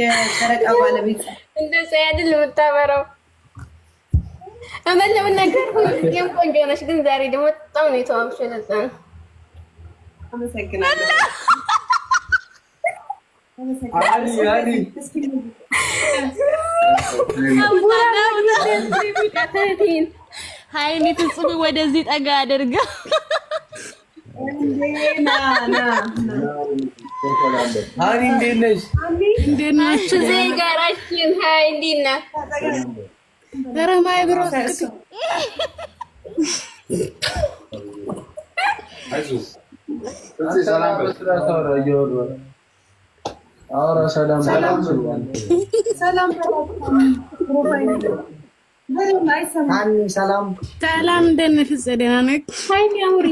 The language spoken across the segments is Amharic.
የጨረቃ ባለቤት እንደዛ ያድል የምታበራው እመለውን ለመናገር ሁልጊዜም ቆንጆ ነሽ፣ ግን ዛሬ ደግሞ በጣም ነው የተዋብሽ። ለዛ ነው አመሰግናለሁ። ሀይሚ ትጽቢ ወደዚህ ጠጋ አድርጋ ሀኒ እንዴት ነሽ? እንዴት ናችሁ? ዜጋራችን ሀይ እንዴት ናት? ኧረ ማይ ብሮ ሰላም ሰላም፣ ደህና ነሽ? ደህና ነኝ። ሀይ ሚያውሪ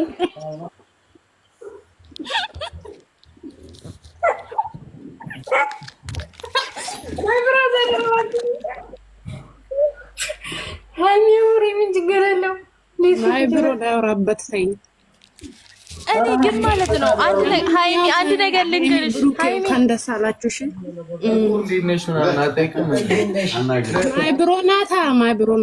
ያወራበት ሰይ እኔ ግን ማለት ነው አንድ ሀይሚ አንድ ነገር ልንገርሽ፣ ሃይሚ ከንደሳላችሁሽ ማይ ብሮ ማይ ብሮ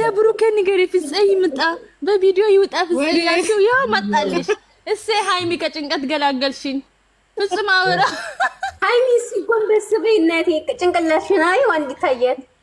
ለብሩኬ ንገሪ ፍጽይ ምጣ በቪዲዮ ይውጣ ፍጽይ ያልሽው ያው መጣልሽ። እሴ ሃይሚ ከጭንቀት ገላገልሽኝ። ፍጹም አወራ ሀይሚ ሲጎንበስ በይነቴ ጭንቅላሽና ይዋን ታየት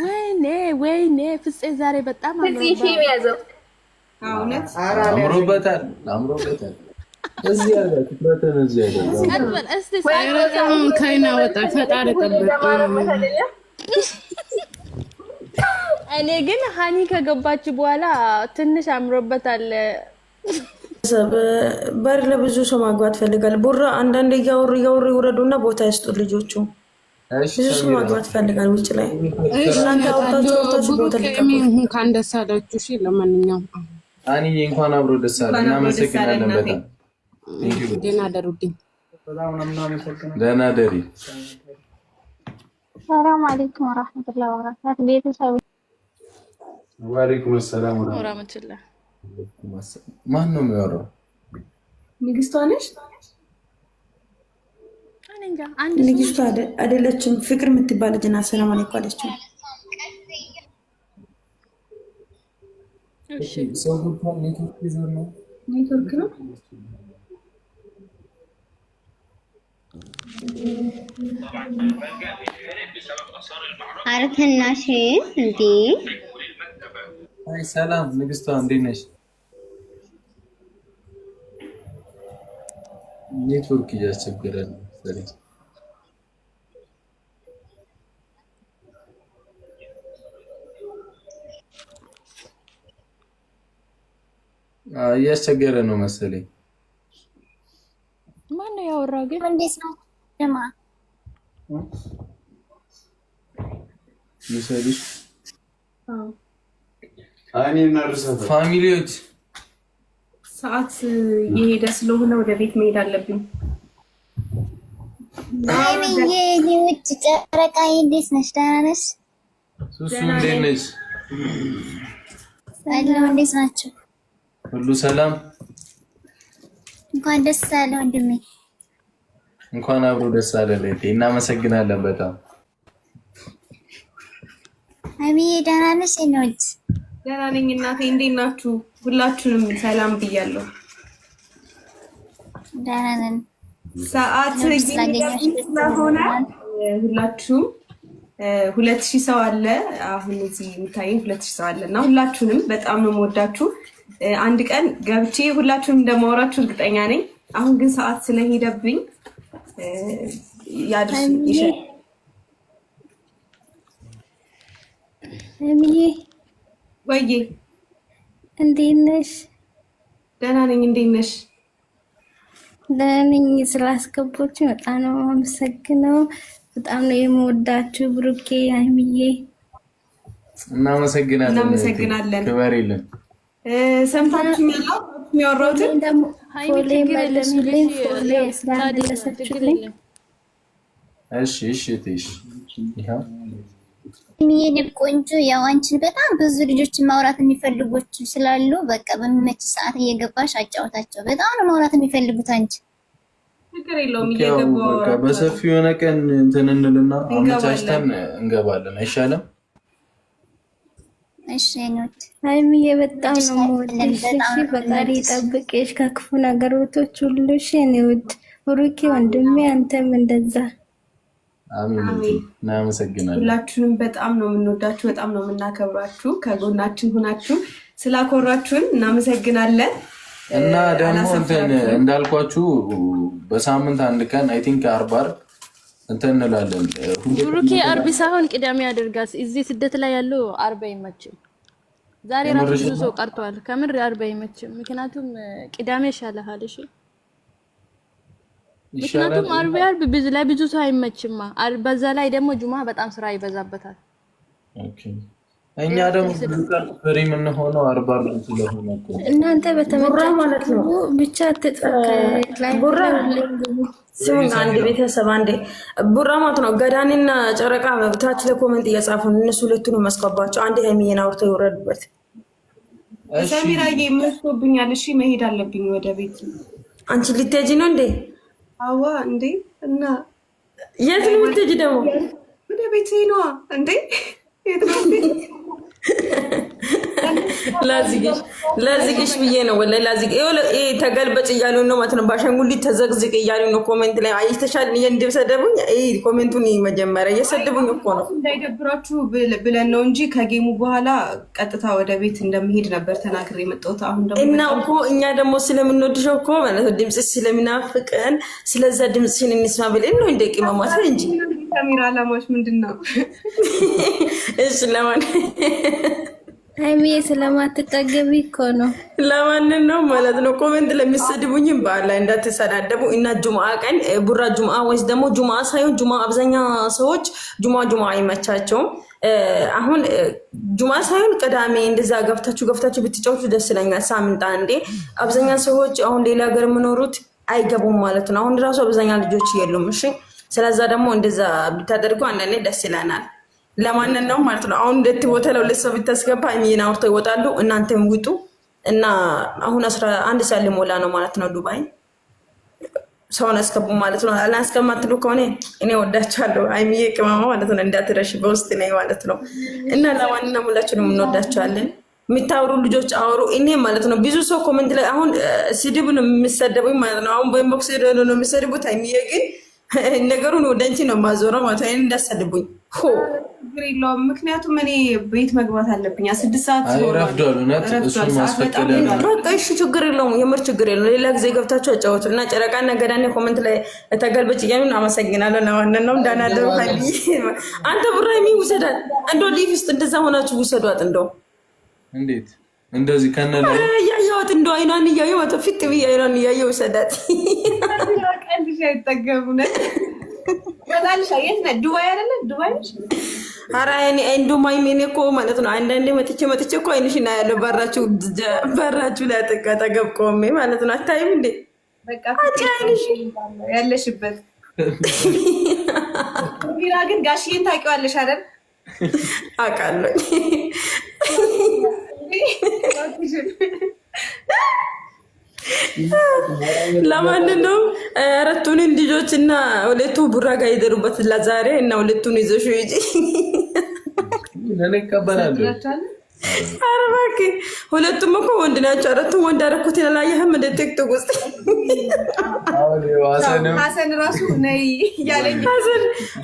ወይኔ ወይኔ ፍፄ ዛሬ በጣም አምሮበታል አምሮበታል። እኔ ግን ሀኒ ከገባች በኋላ ትንሽ አምሮበታል። በር ለብዙ ሰው ማግባት ፈልጋል። ቡራ አንዳንድ እያወሩ እያወሩ ይውረዱና ቦታ ይስጡ ልጆቹ ብዙ ማግባት ፈልጋል ውጭ ላይ እንኳን ደስ አላችሁ። እሺ ለማንኛውም አንዬ እንኳን አብሮ ደስ አለ። እናመሰግናለን በጣም ደህና ደሩልኝ። ደህና ደሪ። ሰላም አለይኩም ወራህመቱላሂ ወበረካቱ ቤተሰብ። ወአለይኩም ሰላም ወራህመቱላሂ። ማን ነው የሚያወራው? ንግስቷ ነሽ? ንግስቷ አይደለችም ፍቅር የምትባል ጅና ሰላም አለይኩም አለችው። ኧረ ትናሽ እንዴ! ሰላም ንግስቷ፣ እንዴት ነሽ? ኔትወርክ እያስቸገረ ነው። Dali. Ah, ah. ah, እያስቸገረ ነው መሰለኝ። ማን ነው ያወራው ግን? እንዴት ነው ደማ ምሰልሽ ፋሚሊዎች ሰዓት የሄደ ስለሆነ ወደ ቤት መሄድ አለብኝ። አይብዬ ውድ ጨረቃዬ እንዴት ነሽ? ደህና ነሽ? ሱሱ እንዴት ነሽ? አለሁ። እንዴት ናቸው? ሁሉ ሰላም? እንኳን ደስ አለ ወንድሜ። እንኳን አብሮ ደስ አለ ለቴ። እናመሰግናለን በጣም ደህና ነሽ? ደህና ነኝ እናቴ። እንዴት ናችሁ? ሁላችሁንም ሰላም ብያለሁ። ደህና ነን። ሰዓት ስለሆነ ሁላችሁም ሁለት ሺህ ሰው አለ። አሁን እዚህ የሚታየኝ ሁለት ሺህ ሰው አለ እና ሁላችሁንም በጣም ነው የምወዳችሁ። አንድ ቀን ገብቼ ሁላችሁንም እንደማወራችሁ እርግጠኛ ነኝ። አሁን ግን ሰዓት ስለሄደብኝ ያድርሱ ወይዬ እንዴት ነሽ? ደህና ነኝ። እንዴት ነሽ? ለእኔኝ ስላስገቦችን በጣም ነው አመሰግነው። በጣም ነው የምወዳችሁ ብሩኬ፣ ሀይሚዬ እናመሰግናለን። ክበር የለን ሰምታችሁ ያለው የሚያወራሁትን እሺ የሚሄድ ቆንጆ ያው አንቺን በጣም ብዙ ልጆች ማውራት የሚፈልጉት ስላሉ በቃ በሚመች ሰዓት እየገባሽ አጫወታቸው። በጣም ነው ማውራት የሚፈልጉት አንቺ። በሰፊ የሆነ ቀን እንትን እንልና አመቻችተን እንገባለን። አይሻልም? ሀይሚዬ በጣም ነው ሞልሽ። ፈጣሪ ይጠብቅሽ ከክፉ ነገሮቶች ሁሉ። እሺ የእኔ ውድ ብሩኬ ወንድሜ አንተም እንደዛ እናመሰግናለን። ሁላችሁንም በጣም ነው የምንወዳችሁ፣ በጣም ነው የምናከብራችሁ። ከጎናችን ሁናችሁ ስላኮራችሁን እናመሰግናለን። እና ደግሞ እንትን እንዳልኳችሁ በሳምንት አንድ ቀን አይ ቲንክ አርብ አርብ እንትን እንላለን። ብሩኬ አርብ ሳይሆን ቅዳሜ አድርጋት። እዚህ ስደት ላይ ያለው አርብ አይመችም። ዛሬ ራሱ ብዙ ሰው ቀርቷል። ከምር አርብ አይመችም፣ ምክንያቱም ቅዳሜ ይሻልሃል። እሺ ምክንያቱም አርብ አርብ ብዙ ሰው አይመችማ። በዛ ላይ ደግሞ ጁማ በጣም ስራ ይበዛበታል። እኛ ደግሞ ፍሪ የምንሆነው አርባ አርብ ስለሆነ እናንተ በተመራ ማለት ነው። ብቻ ቡራ ሲሆን አንድ ቤተሰብ አንዴ ቡራ ማለት ነው። ገዳኒና ጨረቃ መብታች ለኮመንት እየጻፉ እነሱ ሁለቱ ነው መስኮባቸው። አንድ ሀይሚዬን አውርተው ይውረዱበት። ሰሚራዬ መስኮብኛል። እሺ መሄድ አለብኝ ወደ ቤት። አንቺ ልትሄጂ ነው እንዴ? አዋ እንዴ! እና የት ነው የምትሄጂ ደግሞ? ወደ ቤቴ ነዋ። እንዴ የት ነው ላዚግሽ ብዬ ነው ወላሂ ላዚግ ተገልበጭ እያሉ ነው ማለት ነው። በአሻንጉሊት ተዘግዝቅ እያሉ ነው። ኮሜንት ላይ አይተሻል እንድሰደቡኝ ኮሜንቱን መጀመሪያ እየሰደቡኝ እኮ ነው። እንዳይደብራችሁ ብለን ነው እንጂ ከጌሙ በኋላ ቀጥታ ወደ ቤት እንደምሄድ ነበር ተናግሬ የመጣሁት። አሁን ደግሞ እና እኮ እኛ ደግሞ ስለምንወድሸው እኮ ማለት ነው ድምፅ ስለምናፍቀን ስለዛ ድምፅሽን እንስማ ብለን ነው እንደ ቅመማት እንጂ ካሜራ አላማዎች ምንድን ነው? እሺ ለማን ሀይሚ ስለማትጠገቢ እኮ ነው። ለማንን ነው ማለት ነው? ኮመንት ለሚሰድቡኝም በዓል ላይ እንዳትሰዳደቡ እና ጁምአ ቀን ቡራ ጁምአ ወይስ ደግሞ ጁምአ ሳይሆን ጁምአ አብዛኛ ሰዎች ጁምአ ጁምአ አይመቻቸውም። አሁን ጁማ ሳይሆን ቅዳሜ እንደዛ ገብታችሁ ገብታችሁ ብትጫወቱ ደስ ይለኛል። ሳምንት እንዴ አብዛኛ ሰዎች አሁን ሌላ ሀገር የምኖሩት አይገቡም ማለት ነው። አሁን ራሱ አብዛኛ ልጆች የሉም። እሺ፣ ስለዛ ደግሞ እንደዛ ብታደርጉ አንዳንዴ ደስ ይለናል። ለማንን ነው ማለት ነው? አሁን ሁለት ቦታ ለሁለት ሰው ብታስገባ እኔን አውርተው ይወጣሉ። እናንተም ውጡ እና አሁን አስራ አንድ ሰዓት ሊሞላ ነው ማለት ነው። ዱባይ ሰውን አስገቡ ማለት ነው። አላስገማትሉ ከሆነ እኔ ወዳቸዋለሁ። አይሚዬ ቅመማ ማለት ነው። እንዳትረሽ በውስጥ ነኝ ማለት ነው። እና ለማንን ነው ሁላችንም እንወዳቸዋለን። የሚታወሩ ልጆች አወሩ። እኔ ማለት ነው ብዙ ሰው ኮመንት ላይ አሁን ስድብ ነው የሚሰደቡኝ ማለት ነው። አሁን በኢንቦክስ ነው የሚሰድቡት። አይሚዬ ግን ነገሩን ወደ አንቺ ነው ማዞረው ማለት ነው። እንዳሰድቡኝ ሆ ችግር የለውም። ምክንያቱም እኔ ቤት መግባት አለብኝ። ስድስት ሰዓት ረፍዷል። እሺ ችግር የለውም። የምር ችግር የለውም። ሌላ ጊዜ ገብታችሁ አጫወቱ እና ጨረቃና ገዳኔ ኮመንት ላይ ተገልበጭ እያሉን አመሰግናለን። ዋናን ነው እንዳናደሩ አንተ ብራሚ ውሰዳት እንደው ሊፍ ውስጥ እንደዛ ሆናችሁ ውሰዷት። እንደው እንዴት እንደዚህ ከነ እያየዋት እንደው አይኗን እያየ መቶ ፊት ብዬ አይኗን እያየ ውሰዳት። ቀንሽ አይጠገሙነ ዱባይ አይደለ ዱባይ አረ እንዱማይም እኔ እኮ ማለት ነው አንዳንዴ መጥቼ መጥቼ እኮ አይንሽ እና ያለው በራችሁ በራችሁ ላይ አጠገብ ቆሜ ማለት ነው። አታይም እንዴ አንቺ አይንሽ ያለሽበት ቢራ ግን ጋሽዬን ታውቂዋለሽ አይደል? አውቃለሁ ለማንኛውም አራቱንን ልጆች እና ሁለቱ ቡራ ጋር ይደሩበት ለዛሬ እና ሁለቱን ይዘሽ ሂጂ። ኧረ እባክህ ሁለቱም እኮ ወንድ ናቸው። አራቱም ወንድ አደረኩትን አላየህም? እንደ ቲክቶክ ውስጥ ሀሰን ራሱ ነይ እያለኝ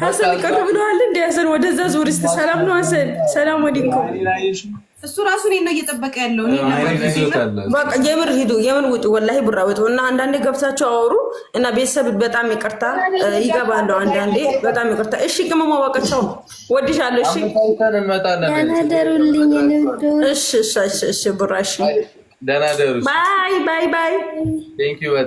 ሀሰን ቅር ብለዋል። እንደ ሀሰን ወደዛ ዙር። እስኪ ሰላም ነው ሀሰን፣ ሰላም ወዲንኩም እሱ ራሱ እኔን ነው እየጠበቀ ያለው። የምር ሂዱ፣ የምር ውጡ፣ ወላሂ ቡራ ውጡ። እና አንዳንዴ ገብታችሁ አወሩ እና ቤተሰብ በጣም ይቅርታ ይገባለሁ። አንዳንዴ በጣም ይቅርታ። እሺ፣ ቅመማ ዋቀቻው ወድሻለሁ። እሺ፣ እሺ፣ እሺ፣ እሺ፣ ቡራ እሺ። ባይ ባይ ባይ